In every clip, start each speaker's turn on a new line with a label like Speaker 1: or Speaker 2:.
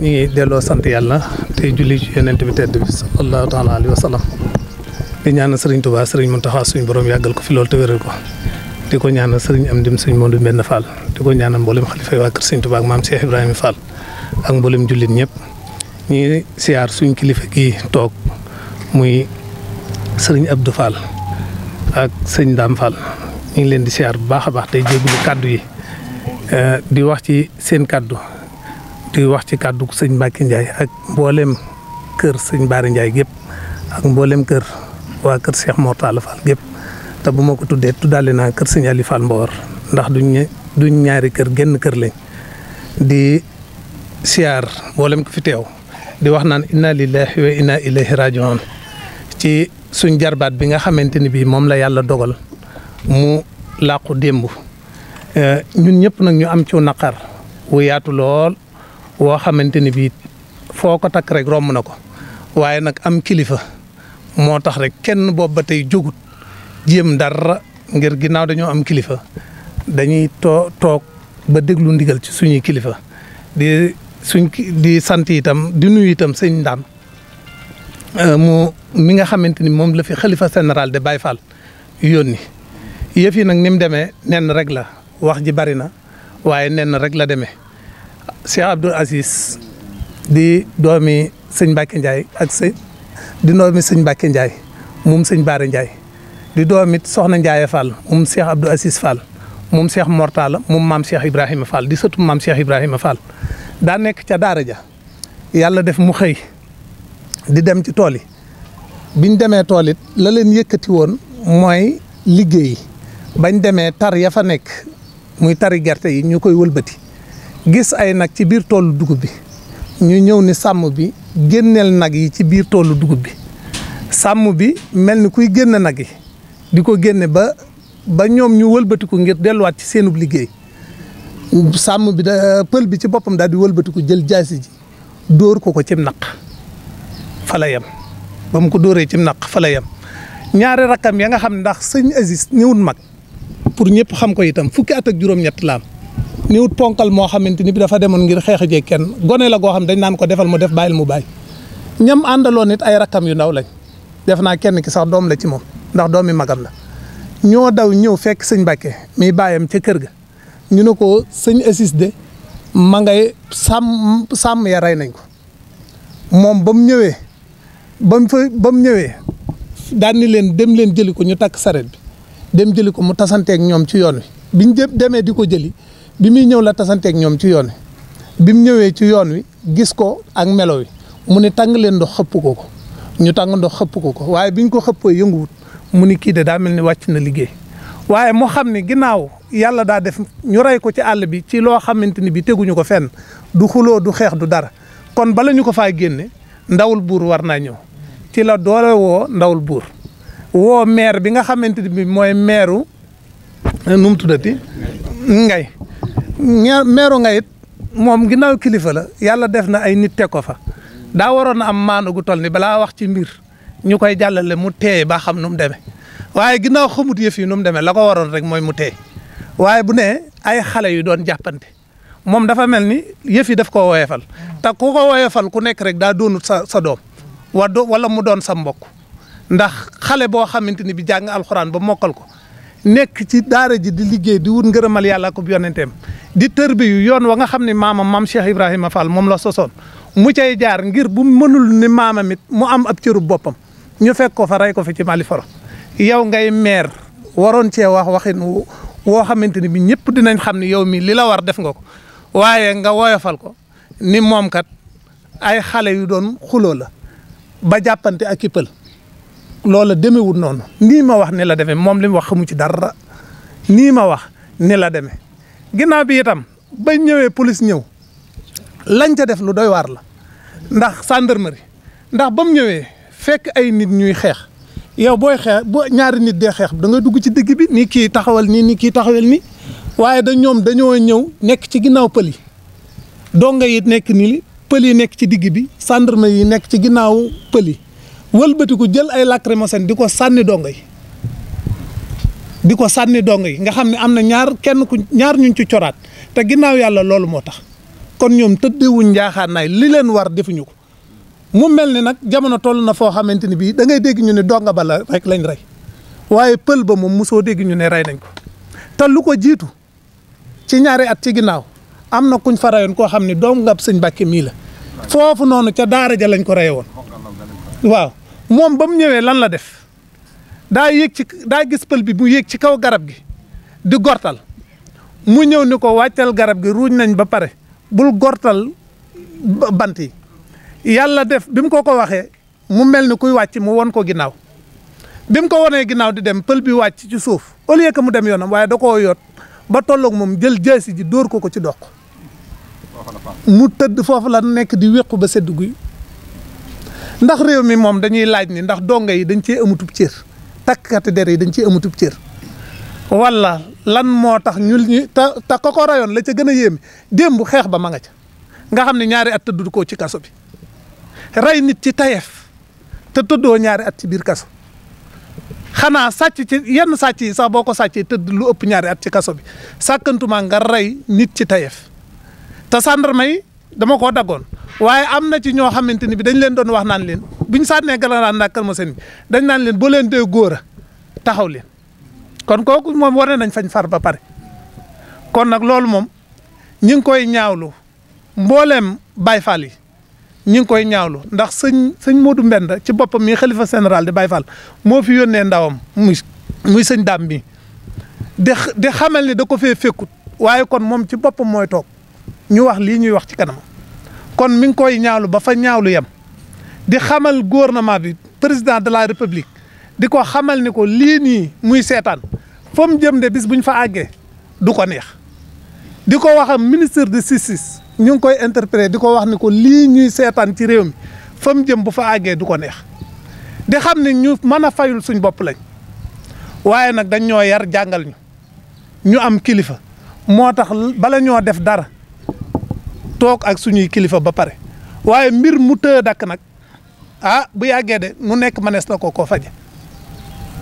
Speaker 1: ñu ngi delloo sant yàlla tey julli ci yonent bi tedd bi sallallahu taala di wa sallam di ñaanal sëriñ Touba sëriñ Mountakha suñu boroom yàggal ko fi loolu te wéral ko di ko ñaanal sëriñ Amdim suñu Modou Mbenn Fall di ko ñaanal mboolem xalifa yi waa kër sëriñ Touba ak maam Cheikh Ibrahima Fall ak mboolem jullit ñëpp ñu ngi siyaar suñu kilifa gi toog muy sëriñ Abdou Fall ak sëñ Dame Fall ñu ngi leen di siyaar bu baax a baax tey jégalu kàddu yi eh, di wax ci seen kàddu di wax ci kàddu sëñ Mbacke Ndiaye ak mboolem kër sëñ Baari Ndiaye gépp ak mboolem kër waa kër seex Mor Talla Fall gépp te bu ma ko tuddee tuddaale naa kër sëñ Ali Fall Mbawar ndax duñ duñ ñaari kër genn kër lañ di siyaar mboolem ko fi di wax naan inna lillahi wa inna ci suñ jarbaat bi nga xamante ni bii moom la yàlla dogal mu làqu démb eh, ñun ñëpp nag ñu am ci naqar wu yaatu lool woo xamante ni bii foo ko takk rek romb na ko waaye nag am kilifa moo tax rek kenn boobu ba tey jógut jéem dara ngir ginnaaw dañoo am kilifa dañuy too toog ba déglu ndigal ci suñuy kilifa di suñ di sant itam di nuyu itam sëñ Ndam euh, mu mi nga xamante ni moom la fi xalifa général de Baye Fall yónni yëf yi nag ni mu demee nenn rek la wax ji bari na waaye nenn rek la demee. Cheikh Abdoul Aziz di doomi sëñ Mbacke Ndiaye ak sëñ di doomi sëñ Mbacke Ndiaye moom sëñ Baara Ndiaye di doomit soxna Ndiaye Fall moom Cheikh Abdoul Aziz Fall moom Cheikh Mortala moom maam Cheikh Ibrahima Fall di sëtu maam Cheikh Ibrahima Fall daa nekk ca daara ja yàlla def mu xëy di dem ci tool yi biñ demee tool it la leen yëkkati woon mooy liggéey bañ demee tar ya fa nekk muy tari gerte yi ñu koy wëlbati gis ay nag ci biir toolu dugub bi ñu ñëw ni sàmm bi génneel nag yi ci biir toolu dugub bi sàmm bi mel ni kuy génne nag yi di ko génne ba ba ñoom ñu wëlbatiku ngir delluwaat ci seenub liggéey sàmm bi da pël bi ci boppam daal di wëlbatiku jël jaasi ji dóor ko ko cim naq fa yam yem ba mu ko dóoree cim naq fa yam ñaaree ñaari rakkam ya nga xam ndax sëñ Aziz ñëwut mag pour ñëpp xam ko itam fukki at ak juróom-ñett laam niwut tonkal moo xamante ni bi dafa demoon ngir xeexu jeeg kenn gone la goo xam dañ naan ko defal mu def bàyyil mu bàyyi ñam àndaloon nit ay rakkam yu ndaw lañ def naa kenn ki sax doom la ci moom ndax doomi magam la ñoo daw ñëw fekk sëñ Mbàkke mi bàyyam ca kër ga ñu ne ko sëñ Assis de ma ngay sàmm sàmm ya rey nañ ko moom ba ñëwee ba fa ba mu ñëwee daan leen dem leen jëli ko ñu takk saret bi dem jëli ko mu tasanteek ñoom ci yoon wi biñ demee di ko jëli bi muy ñëw la tasanteek ñoom ci yoon wi bi mu ñëwee ci yoon wi gis ko ak melo wi mu ne tàng leen ndox xëpp ko ko ñu tàng ndox xëpp ko ko waaye biñ ko xëppoo yënguwut mu ni kii de daa mel ni wàcc na liggéey waaye moo xam ne ginnaaw yàlla daa def ñu rey ko ci àll bi ci loo xamante ni bi teguñu ko fenn du xuloo du xeex du dara kon bala ñu ko faa génne ndawul buur war naa ñëw ci la doole woo ndawul buur woo maire bi nga xamante ni bi mooy maireu nu mu tuddati ngay meeru nga it moom ginnaaw kilifa la yàlla def na ay nit teg ko fa daa waroon am maanu gu toll ni balaa wax ci mbir ñu koy jàllale mu teey ba xam nu mu demee waaye ginnaaw xamut yëf yi nu mu demee la ko waroon rek mooy mu teey waaye bu ne ay xale yu doon jàppante moom dafa mel ni yëf def daf koo woyefal te ku ko woyefal ku nekk rek daa doonut sa sa doom wala mu doon sa mbokk ndax xale boo xamante ni bi jàng alxuraan ba mokkal ko nekk ci daara ji di liggéey di wut ngërëmal yàlla ak yonenteem di tër bi yu yoon wa nga xam ne maamam mam Cheikh Ibrahima Fall moom la sosoon mu cay jaar ngir bu mënul ni maamam it mu am ab cëru boppam ñu fekk ko fa rey ko fi ci Mali Foro yow ngay meer waroon cee wax waxin woo xamante ni bi ñëpp dinañ xam ni yow mii li la war def nga ko waaye nga woyofal ko ni moom kat ay xale yu doon xuloo la ba jàppante ak kippal loola demewul noonu nii ma wax ni la demee moom li mu wax xamu ci dara nii ma wax ni la demee ginnaaw bi itam ba ñëwee police ñëw lañ ca def lu doy waar la ndax gendarmerie ndax ba mu ñëwee fekk ay nit ñuy xeex yow booy xeex boo ñaari nit dee xeex da ngay dugg ci digg bi ni kii taxawal nii ni kii taxawal nii waaye da ñoom dañoo ñëw nekk ci ginnaaw pël yi donga yi nekk nii pël yi nekk ci digg bi gendarmerie yi nekk ci ginnaaw pël yi wëlbatiku jël ay lacrymogène di ko sànni dong yi di ko sànni dong yi nga xam ne am na ñaar kenn ku ñaar ñuñ ci coraat te ginnaaw yàlla loolu moo tax kon ñoom tëddewuñ njaaxaan naay li leen war defuñu ko mu mel ni nag jamono toll na foo xamante ni bii da ngay dégg ñu ne donga ba la lañ rey waaye pël ba mu musoo dégg ñu ne rey nañ ko te ko jiitu ci ñaari at ci ginnaaw am na kuñ fa reyoon koo xam ne dongab sëñ Mbàkke mii la foofu noonu ca daara ja lañ ko reye woon moom ba mu ñëwee lan la def daa yéeg ci daa gis pël bi mu yéeg ci kaw garab gi di gortal mu ñëw ni ko wàccal garab gi ruuñ nañ ba pare bul gortal bant yi yàlla def bi mu ko ko waxee mu mel ni kuy wàcc mu won ko ginnaaw bi mu ko wonee ginnaaw di dem pël bi wàcc ci suuf au lieu mu dem yoonam waaye da koo yoot ba tolloog moom jël jaasi ji dóor ko ko ci doq mu tëdd foofu la nekk di wéqu ba sedd guy ndax réew mi moom dañuy laaj ni ndax dongo yi dañ cee amutub cër takkati der yi dañ cee amutub cër wala lan moo tax ñu ñu ta takk ko ko rayoon la ca gën a yéeme démb xeex ba ma nga ca nga xam ne ñaari at tëdd koo ci kaso bi rey nit ci tayeef te tëddoo ñaari at ci biir kaso xanaa sàcc ci yenn sàcc yi sax boo ko sàccee tëdd lu ëpp ñaari at ci kaso bi sàkkantuma nga rey nit ci tayeef te sàndarma yi dama koo dagoon waaye am na ci ñoo xamante ni bi dañ leen doon wax naan leen buñ sànnee galangaan ndax kër ma seen bi dañ naan leen boo leen dee góor taxaw leen kon kooku moom war nañ fañ far ba pare kon nag loolu moom ñi ngi koy ñaawlu mbooleem Baye Fall yi ñi ngi koy ñaawlu ndax sëñ sëñ Modou Mbenda ci boppam mi xalifa général di Baye Fall moo fi yónnee ndawam muy sëñ daam bi di di xamal ni da ko fee fekkut waaye kon moom ci boppam mooy toog ñu wax lii ñuy wax ci kanam kon mi ngi koy ñaawlu ba fa ñaawlu yem di xamal gouvernement bi président de la république di ko xamal ni ko lii nii muy seetaan fa jëm de bis bu ñu fa àggee du ko neex di ko wax am de justice ñu ngi koy interpellé di ko wax ni ko lii ñuy seetaan ci réew mi fa mu jëm bu fa àggee du ko neex di xam ne ñu mën a fayul suñ bopp lañ waaye nag dañ yar jàngal ñu ñu am kilifa moo tax bala ñoo def dara. toog ak suñuy kilifa ba pare waaye mbir mu të dakk nag ah bu yàggee de nu nekk manees na koo faje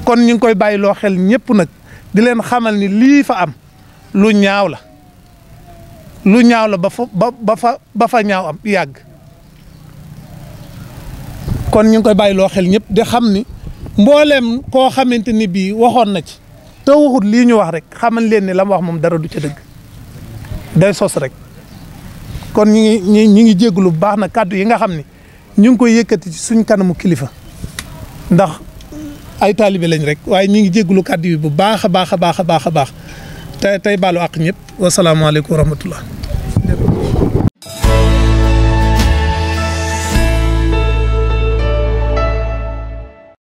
Speaker 1: kon ñu ngi koy bàyyi loo xel ñëpp nag di leen xamal ni lii fa am lu ñaaw la lu ñaaw la ba fa ba fa ñaaw am yàgg kon ñu ngi koy bàyyi loo xel ñëpp di xam ni mbooleem koo xamante ni bii waxoon na ci te waxut lii ñu wax rek xamal leen ni la mu wax moom dara du ca dëgg day sos rek kon ñu ngi ñu ngi jégalu bu baax na kàddu yi nga xam ne ñu ngi koy yëkkati ci suñ kanamu kilifa ndax ay taalibe lañ rek waaye ñu ngi jégalu kàddu yi bu baax a baax a baax a baax a baax te tey baalu àq ñëpp wasalaamaaleykum wa rahmatullah